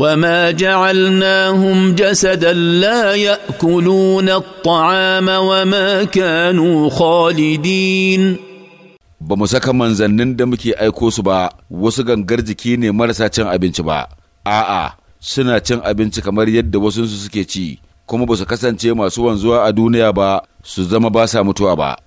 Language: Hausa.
وما جعلناهم جسدا لا ياكلون الطعام وما كانوا خالدين ba mu saka manzannin da muke aiko su ba wasu gangar jiki ne marasa cin abinci ba a'a suna cin abinci kamar yadda wasu suke ci kuma ba su kasance masu wanzuwa a duniya ba su zama ba sa mutuwa ba